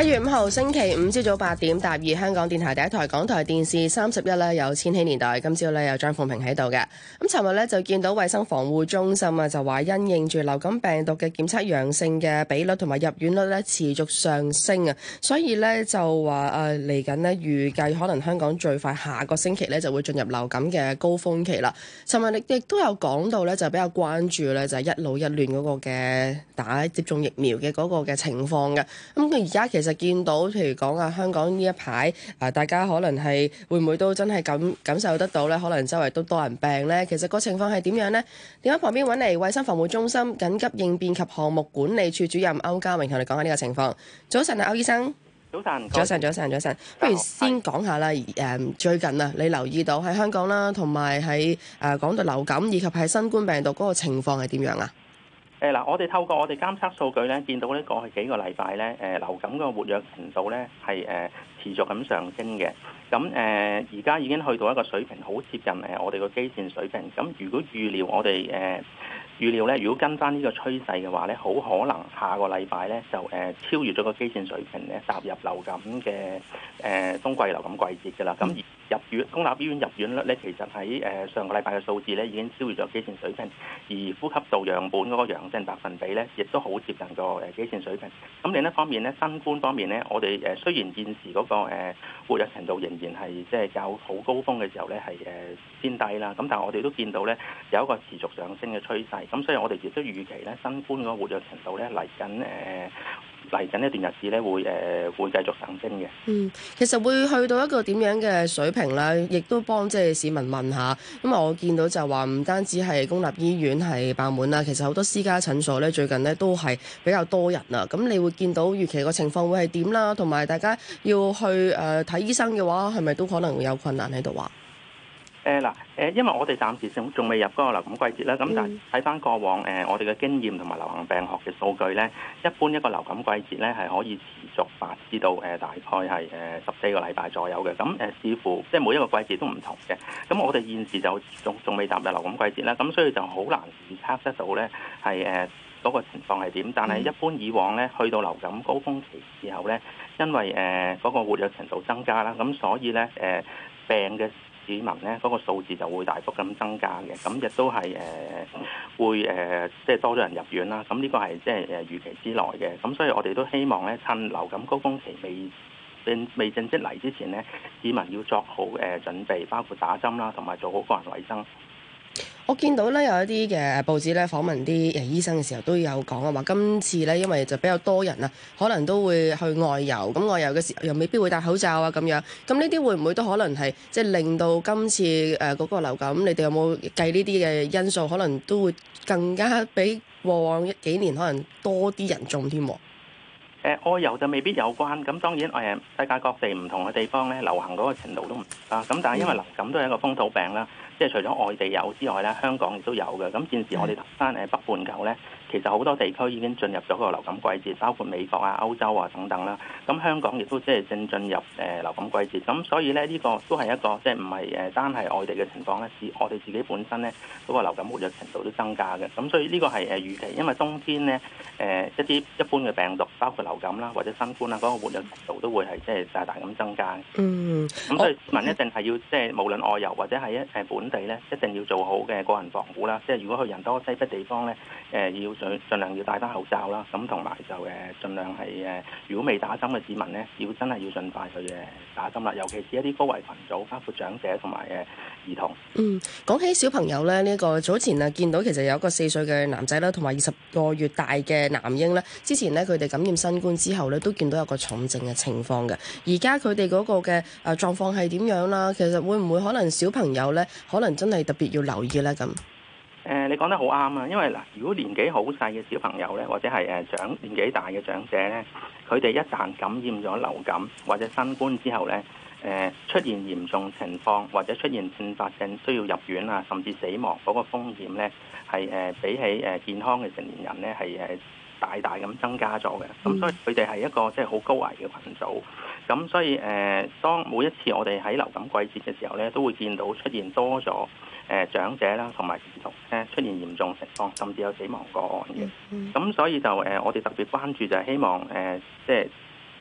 一月五號星期五朝早八點，踏二香港電台第一台港台電視三十一咧，有千禧年代。今朝咧有張鳳平喺度嘅。咁、嗯、尋日咧就見到衛生防護中心啊，就話因應住流感病毒嘅檢測陽性嘅比率同埋入院率咧持續上升啊，所以咧就話誒嚟緊呢，預計、啊、可能香港最快下個星期咧就會進入流感嘅高峰期啦。尋日亦都有講到咧，就比較關注咧就係、是、一老一亂嗰個嘅打接種疫苗嘅嗰個嘅情況嘅。咁佢而家其其實見到，譬如講啊，香港呢一排啊，大家可能係會唔會都真係感感受得到咧？可能周圍都多人病咧。其實個情況係點樣呢？點解？旁邊揾嚟，衛生防護中心緊急應變及項目管理處主任歐家榮同你講下呢個情況。早晨啊，歐醫生。早晨。早晨，早晨，早晨。不如先講下啦。誒的，最近啊，你留意到喺香港啦，同埋喺誒講到流感以及係新冠病毒嗰個情況係點樣啊？誒嗱，我哋透過我哋監測數據咧，見到呢過去幾個禮拜咧，誒流感個活躍程度咧係誒持續咁上升嘅。咁誒而家已經去到一個水平，好接近誒我哋個基線水平。咁如果預料我哋誒預料咧，如果跟翻呢個趨勢嘅話咧，好可能下個禮拜咧就誒超越咗個基線水平咧，踏入流感嘅誒冬季流感季節㗎啦。咁而入院公立醫院入院率咧，其實喺誒、呃、上個禮拜嘅數字咧，已經超越咗基線水平，而呼吸道樣本嗰個陽性百分比咧，亦都好接近個誒基線水平。咁另一方面咧，新冠方面咧，我哋誒雖然現時嗰、那個、呃、活躍程度仍然係即係較好高峰嘅時候咧，係誒、呃、偏低啦，咁但係我哋都見到咧有一個持續上升嘅趨勢。咁所以我哋亦都預期咧，新冠嗰個活躍程度咧嚟緊誒。嚟緊呢段日子咧，會誒會繼續上升嘅。嗯，其實會去到一個點樣嘅水平咧，亦都幫即係市民問下。咁啊，我見到就話唔單止係公立醫院係爆滿啦，其實好多私家診所咧，最近呢都係比較多人啊。咁你會見到預期個情況會係點啦？同埋大家要去誒睇、呃、醫生嘅話，係咪都可能會有困難喺度啊？誒嗱、呃。誒，因為我哋暫時仲仲未入嗰個流感季節啦，咁、嗯、但係睇翻過往誒、呃、我哋嘅經驗同埋流行病學嘅數據咧，一般一個流感季節咧係可以持續發展到誒大概係誒十四個禮拜左右嘅。咁誒，似、呃、乎即係每一個季節都唔同嘅。咁我哋現時就仲仲未踏入流感季節啦，咁所以就好難預測得到咧係誒嗰個情況係點。但係一般以往咧，去到流感高峰期時候咧，因為誒嗰、呃那個活躍程度增加啦，咁所以咧誒、呃、病嘅。市民咧，嗰個數字就會大幅咁增加嘅，咁亦都係誒、呃、會誒、呃，即係多咗人入院啦。咁、這、呢個係即係誒預期之內嘅。咁所以我哋都希望咧，趁流感高峰期未並未正式嚟之前咧，市民要做好誒準備，包括打針啦，同埋做好個人衞生。我見到咧有一啲嘅報紙咧訪問啲誒醫生嘅時候都有講啊，話今次咧因為就比較多人啊，可能都會去外遊，咁外遊嘅時候又未必會戴口罩啊咁樣，咁呢啲會唔會都可能係即係令到今次誒嗰個流感，你哋有冇計呢啲嘅因素，可能都會更加比往往幾年可能多啲人中添？誒、呃、外遊就未必有關，咁當然世界各地唔同嘅地方咧流行嗰個程度都唔同啊，咁但係因為流感都係一個風土病啦。嗯。即係除咗外地有之外咧，香港亦都有嘅。咁現時我哋佛山北半球咧，其實好多地區已經進入咗個流感季節，包括美國啊、歐洲啊等等啦。咁香港亦都即係正進入誒流感季節。咁所以咧，呢個都係一個即係唔係誒單係外地嘅情況咧，我哋自己本身咧嗰個流感活躍程度都增加嘅。咁所以呢個係誒預期，因為冬天咧誒一啲一般嘅病毒，包括流感啦或者新冠啦嗰個活躍程度都會係即係大大咁增加。嗯。咁所以市民一定係要即係無論外遊或者係一誒本，一定要做好嘅個人防護啦。即係如果去人多擠迫地方咧，誒、呃、要盡盡量要戴翻口罩啦。咁同埋就誒盡量係誒，如果未打針嘅市民呢，要真係要盡快去誒打針啦。尤其是一啲高危群組，包括長者同埋誒兒童。嗯，講起小朋友咧，呢、呢個早前啊見到其實有一個四歲嘅男仔啦，同埋二十個月大嘅男嬰咧，之前呢，佢哋感染新冠之後咧，都見到有個重症嘅情況嘅。而家佢哋嗰個嘅誒狀況係點樣啦？其實會唔會可能小朋友咧？可能真係特別要留意啦咁。誒，你講得好啱啊！因為嗱，如果年紀好細嘅小朋友咧，或者係誒長年紀大嘅長者咧，佢哋一旦感染咗流感或者新冠之後咧，誒出現嚴重情況或者出現併發症需要入院啊，甚至死亡，嗰個風險咧係誒比起誒健康嘅成年人咧係誒，大大咁增加咗嘅，咁所以佢哋係一個即係好高危嘅群組，咁所以誒，當每一次我哋喺流感季節嘅時候咧，都會見到出現多咗誒長者啦，同埋兒童咧出現嚴重情況，甚至有死亡個案嘅。咁所以就誒，我哋特別關注就係希望誒，即係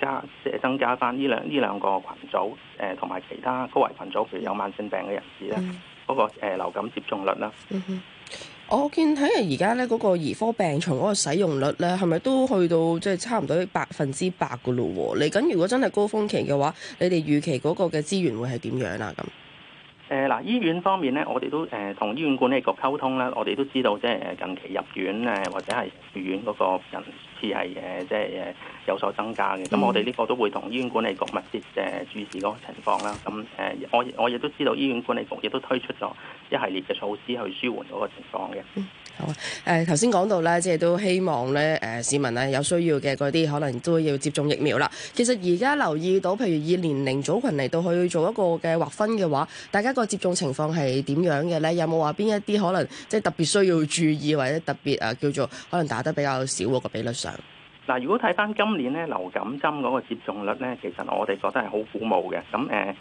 加即係增加翻呢兩呢兩個群組誒，同埋其他高危群組，譬如有慢性病嘅人士啦，嗰個誒流感接種率啦。我見睇下而家咧嗰個兒科病床嗰個使用率咧，係咪都去到即係、就是、差唔多百分之百噶咯？喎，嚟緊如果真係高峰期嘅話，你哋預期嗰個嘅資源會係點樣啊？咁。誒嗱、呃，醫院方面咧，我哋都誒同、呃、醫院管理局溝通啦。我哋都知道即係近期入院咧，或者係住院嗰個人次係誒即係誒有所增加嘅。咁我哋呢個都會同醫院管理局密切誒注視嗰個情況啦。咁誒、呃，我我亦都知道醫院管理局亦都推出咗一系列嘅措施去舒緩嗰個情況嘅、嗯。好誒，頭先講到咧，即係都希望咧誒、呃、市民咧有需要嘅嗰啲可能都要接種疫苗啦。其實而家留意到，譬如以年齡組群嚟到去做一個嘅劃分嘅話，大家。個接種情況係點樣嘅呢？有冇話邊一啲可能即係特別需要注意，或者特別誒、啊、叫做可能打得比較少嗰個比率上？嗱，如果睇翻今年呢，流感針嗰個接種率呢，其實我哋覺得係好鼓舞嘅。咁誒，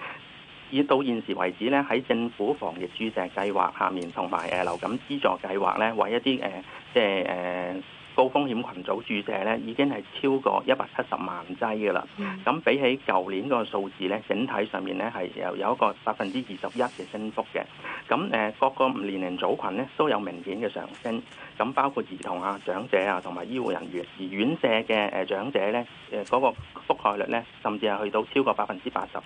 以、呃、到現時為止呢，喺政府防疫注射計劃下面同埋誒流感資助計劃呢，為一啲誒、呃、即係誒。呃高風險群組注射咧已經係超過一百七十萬劑嘅啦，咁、嗯、比起舊年個數字咧，整體上面咧係有有一個百分之二十一嘅升幅嘅，咁誒各個年齡組群咧都有明顯嘅上升，咁包括兒童啊、長者啊同埋醫護人員，而院舍嘅誒長者咧誒嗰個覆蓋率咧，甚至係去到超過百分之八十。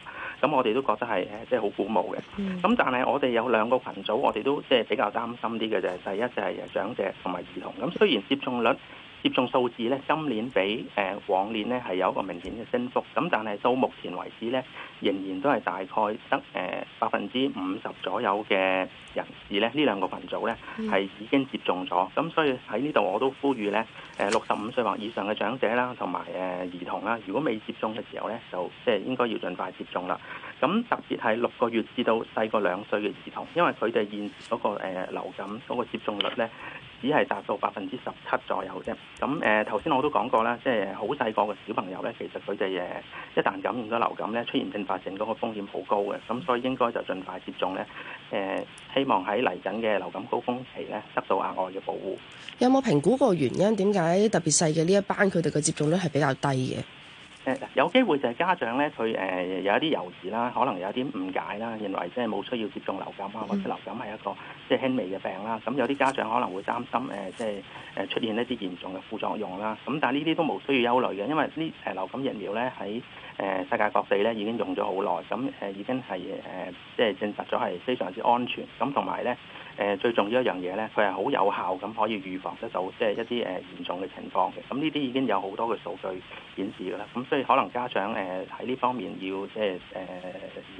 咁我哋都覺得係誒，即係好鼓舞嘅。咁但係我哋有兩個群組，我哋都即係比較擔心啲嘅。就係第一就係長者同埋兒童。咁雖然接種率，接種數字咧，今年比誒、呃、往年咧係有一個明顯嘅升幅，咁但係到目前為止咧，仍然都係大概得誒百分之五十左右嘅人士咧，呢兩個群組咧係已經接種咗，咁所以喺呢度我都呼籲咧，誒六十五歲或以上嘅長者啦，同埋誒兒童啦，如果未接種嘅時候咧，就即係應該要盡快接種啦。咁特別係六個月至到細過兩歲嘅兒童，因為佢哋現時嗰、嗰個、呃、流感嗰個接種率咧。只係達到百分之十七左右啫。咁誒，頭、呃、先我都講過啦，即係好細個嘅小朋友咧，其實佢哋誒一旦感染咗流感咧，出現併發症嗰個風險好高嘅。咁所以應該就儘快接種咧。誒、呃，希望喺嚟緊嘅流感高峰期咧，得到額外嘅保護。有冇評估過原因？點解特別細嘅呢一班佢哋嘅接種率係比較低嘅？有機會就係家長咧，佢誒有一啲猶疑啦，可能有啲誤解啦，認為即係冇需要接種流感啊，或者流感係一個即係輕微嘅病啦。咁有啲家長可能會擔心誒，即係誒出現一啲嚴重嘅副作用啦。咁但係呢啲都冇需要憂慮嘅，因為呢誒流感疫苗咧喺誒世界各地咧已經用咗好耐，咁誒已經係誒即係證實咗係非常之安全。咁同埋咧。誒最重要一樣嘢咧，佢係好有效咁，可以預防得到即係一啲誒嚴重嘅情況嘅。咁呢啲已經有好多嘅數據顯示㗎啦。咁所以可能家長誒喺呢方面要即係誒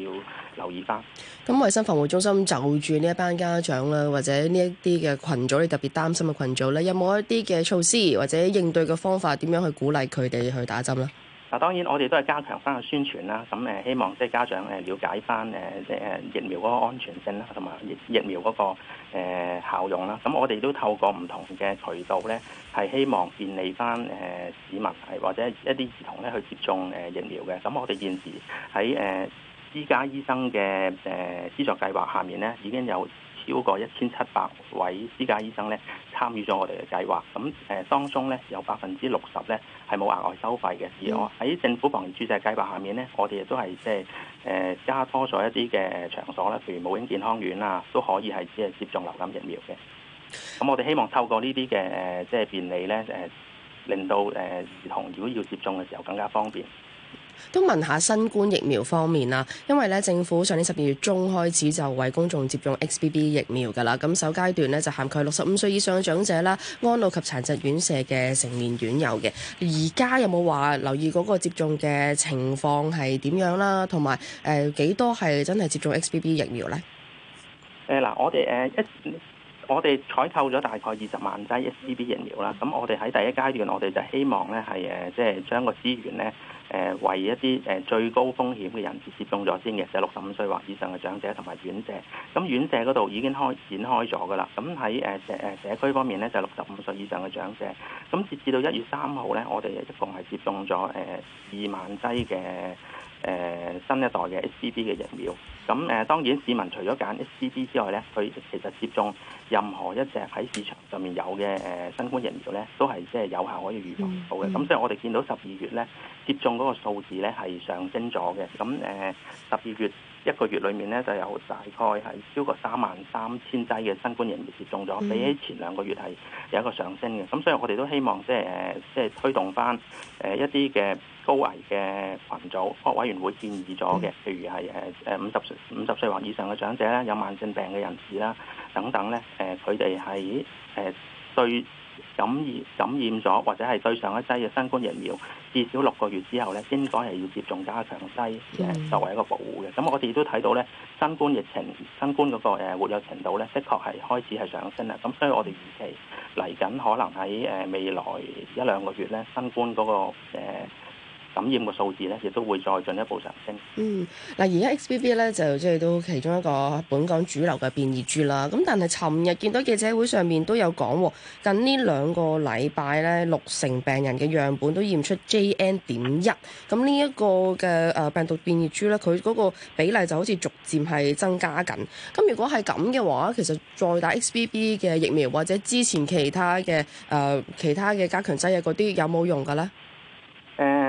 要留意翻。咁衞生防護中心就住呢一班家長啦，或者呢一啲嘅群組，你特別擔心嘅群組咧，有冇一啲嘅措施或者應對嘅方法，點樣去鼓勵佢哋去打針啦？嗱，當然我哋都係加強翻個宣傳啦，咁誒希望即係家長誒瞭解翻誒即係疫苗嗰個安全性啦，同埋疫疫苗嗰個誒效用啦。咁我哋都透過唔同嘅渠道咧，係希望便利翻誒市民係或者一啲兒童咧去接種誒疫苗嘅。咁我哋現時喺誒私家醫生嘅誒資助計劃下面咧，已經有超過一千七百位私家醫生咧參與咗我哋嘅計劃，咁誒當中咧有百分之六十咧係冇額外收費嘅，而我喺政府防疫注射計劃下面咧，我哋亦都係即係誒加多咗一啲嘅場所啦，譬如母嬰健康院啊，都可以係只係接種流感疫苗嘅。咁我哋希望透過呢啲嘅誒即係便利咧誒，令到誒兒童如果要接種嘅時候更加方便。都問下新冠疫苗方面啦，因為咧政府上年十二月中開始就為公眾接種 XBB 疫苗㗎啦。咁首階段咧就涵蓋六十五歲以上嘅長者啦、安老及殘疾院舍嘅成年院友嘅。而家有冇話留意嗰個接種嘅情況係點樣啦？同埋誒幾多係真係接種 XBB 疫苗呢？誒嗱、呃，我哋誒一我哋採購咗大概二十萬劑 XBB 疫苗啦。咁我哋喺第一階段，我哋就希望咧係誒，即係將個資源咧。誒為一啲誒最高風險嘅人士接種咗先嘅，就係六十五歲或以上嘅長者同埋院舍。咁院舍嗰度已經開展開咗噶啦。咁喺誒社誒社區方面咧，就係六十五歲以上嘅長者。咁截至到一月三號咧，我哋一共係接種咗誒二萬劑嘅誒、呃、新一代嘅 S C D 嘅疫苗。咁誒、呃、當然市民除咗揀 S C D 之外咧，佢其實接種任何一隻喺市場上面有嘅誒新冠疫苗咧，都係即係有效可以預防到嘅。咁、嗯、所以我哋見到十二月咧，接種嗰個數字咧係上升咗嘅。咁誒十二月一個月裡面咧就有大概係超過三萬三千劑嘅新冠疫苗接種咗，嗯、比起前兩個月係有一個上升嘅。咁所以我哋都希望即係誒即係推動翻誒一啲嘅高危嘅群組。科學委員會建議咗嘅，嗯、譬如係誒誒五十歲五十歲或以上嘅長者啦，有慢性病嘅人士啦。等等咧，誒佢哋係誒對感染感染咗或者係對上一劑嘅新冠疫苗，至少六個月之後咧，應該係要接種加強劑誒、呃、作為一個保護嘅。咁我哋亦都睇到咧，新冠疫情、新冠嗰、那個、呃、活躍程度咧，的確係開始係上升啦。咁所以我哋預期嚟緊可能喺誒、呃、未來一兩個月咧，新冠嗰、那個、呃感染嘅數字呢亦都會再進一步上升。嗯，嗱，而家 XBB 呢，就即係都其中一個本港主流嘅變異株啦。咁但係尋日見到記者會上面都有講、哦，近呢兩個禮拜呢，六成病人嘅樣本都驗出 JN 點一。咁呢一個嘅誒病毒變異株呢，佢嗰個比例就好似逐漸係增加緊。咁如果係咁嘅話，其實再打 XBB 嘅疫苗或者之前其他嘅誒、呃、其他嘅加強劑嘅嗰啲有冇用㗎呢？誒、嗯。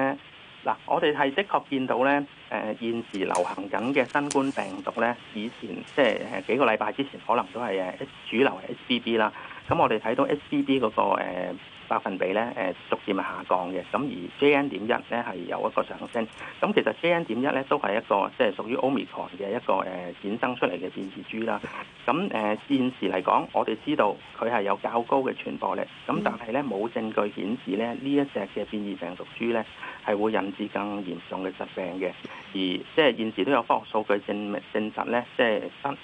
嗱，我哋係的確見到咧，誒、呃，現時流行緊嘅新冠病毒咧，以前即係誒幾個禮拜之前，可能都係誒主流係 HBB 啦。咁我哋睇到 s b d 嗰個百分比咧，誒逐漸係下降嘅。咁而 JN. 點一咧係有一個上升。咁其實 JN. 點一咧都係一個即係屬於奧密克嘅一個誒衍、呃、生出嚟嘅變異株啦。咁誒、呃、現時嚟講，我哋知道佢係有較高嘅傳播力。咁但係咧冇證據顯示咧呢一隻嘅變異病毒株咧係會引致更嚴重嘅疾病嘅。而即係現時都有科學數據證明證實咧，即係新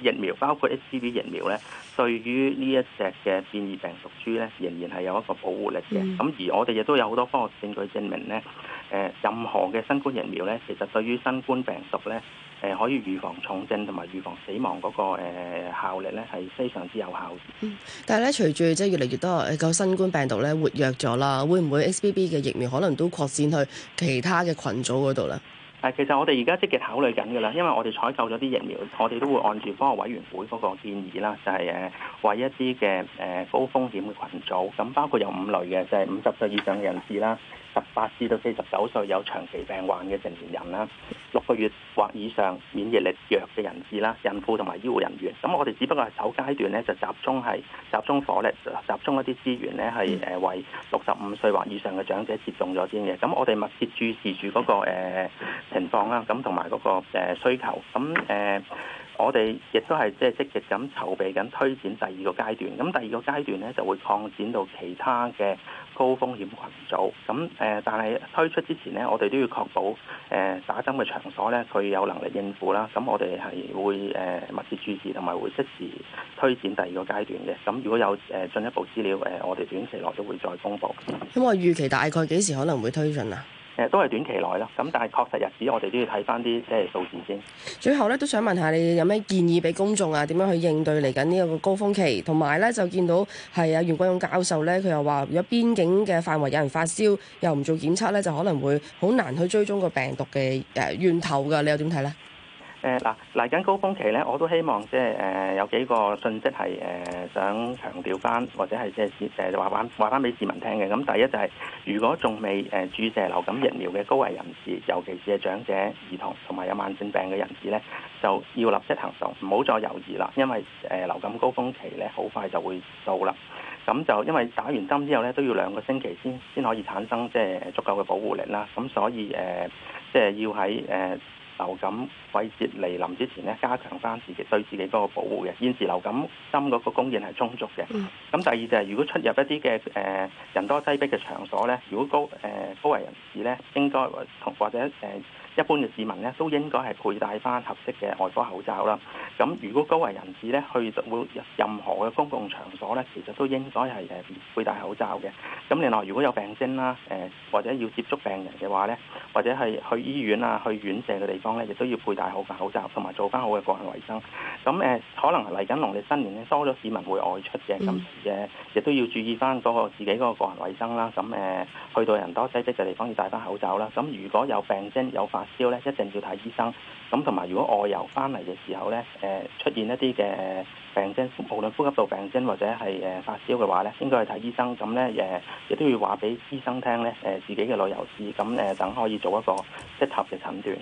疫苗包括 XBB 疫苗咧，對於呢一隻嘅變異病毒株咧，仍然係有一個保護力嘅。咁、嗯、而我哋亦都有好多科學證據證明咧，誒、呃、任何嘅新冠疫苗咧，其實對於新冠病毒咧，誒、呃、可以預防重症同埋預防死亡嗰、那個、呃、效力咧，係非常之有效。嗯，但係咧，隨住即係越嚟越多、那個新冠病毒咧活躍咗啦，會唔會 XBB 嘅疫苗可能都擴展去其他嘅群組嗰度咧？其實我哋而家積極考慮緊㗎啦，因為我哋採購咗啲疫苗，我哋都會按住科學委員會嗰個建議啦，就係誒為一啲嘅誒高風險嘅群組，咁包括有五類嘅，就係五十歲以上嘅人士啦，十八至到四十九歲有長期病患嘅成年人啦。六個月或以上免疫力弱嘅人士啦，孕婦同埋醫護人員。咁我哋只不過係首階段咧，就集中係集中火力，集中一啲資源咧，係誒為六十五歲或以上嘅長者接種咗先嘅。咁我哋密切注視住嗰、嗰個、呃、情況啦、啊，咁同埋嗰個、呃、需求，咁誒。呃我哋亦都係即係積極咁籌備緊推展第二個階段，咁第二個階段咧就會擴展到其他嘅高風險群組。咁誒、呃，但係推出之前咧，我哋都要確保誒、呃、打針嘅場所咧佢有能力應付啦。咁我哋係會誒、呃、密切注視，同埋會適時推展第二個階段嘅。咁如果有誒進一步資料誒、呃，我哋短期內都會再公布。咁、嗯、我預期大概幾時可能會推進啊？誒都係短期內啦。咁但係確實日子我哋都要睇翻啲誒數字先。最後咧，都想問下你有咩建議俾公眾啊？點樣去應對嚟緊呢一個高峰期？同埋咧就見到係啊袁國勇教授咧，佢又話如果邊境嘅範圍有人發燒又唔做檢測咧，就可能會好難去追蹤個病毒嘅誒源頭㗎。你又點睇咧？誒嗱嚟緊高峰期咧，我都希望即係誒有幾個訊息係誒想強調翻，或者係即係誒話翻話翻俾市民聽嘅。咁第一就係，如果仲未誒注射流感疫苗嘅高危人士，尤其是係長者、兒童同埋有慢性病嘅人士咧，就要立即行動，唔好再猶豫啦。因為誒流感高峰期咧，好快就會到啦。咁就因為打完針之後咧，都要兩個星期先先可以產生即係足夠嘅保護力啦。咁所以誒，即係要喺誒流感。季節嚟臨之前咧，加強翻自己對自己個保護嘅。現時流感針嗰個供應係充足嘅。咁第二就係，如果出入一啲嘅誒人多擠迫嘅場所呢，如果高誒高危人士咧，應該同或者誒一般嘅市民呢，都應該係佩戴翻合適嘅外科口罩啦。咁如果高危人士呢，去會任何嘅公共場所呢，其實都應該係誒佩戴口罩嘅。咁另外，如果有病徵啦，誒或者要接觸病人嘅話呢，或者係去醫院啊、去院舍嘅地方呢，亦都要佩戴。戴好翻口罩，同埋做翻好嘅個人衞生。咁誒，可能嚟緊農曆新年咧，多咗市民會外出嘅，咁誒亦都要注意翻嗰個自己嗰個個人衞生啦。咁誒，去到人多擠逼嘅地方要戴翻口罩啦。咁如果有病徵、有發燒咧，一定要睇醫生。咁同埋如果外遊翻嚟嘅時候咧，誒、呃、出現一啲嘅病徵，無論呼吸道病徵或者係誒發燒嘅話咧，應該去睇醫生。咁咧誒，亦都要話俾醫生聽咧，誒自己嘅旅遊史。咁誒等可以做一個適合嘅診斷。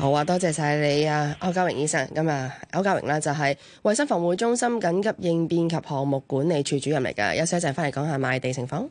好啊，多謝晒你啊，歐家榮醫生。噉啊，歐家榮咧就係衛生防護中心緊急應變及項目管理處主任嚟噶，休息一陣翻嚟講下賣地情況。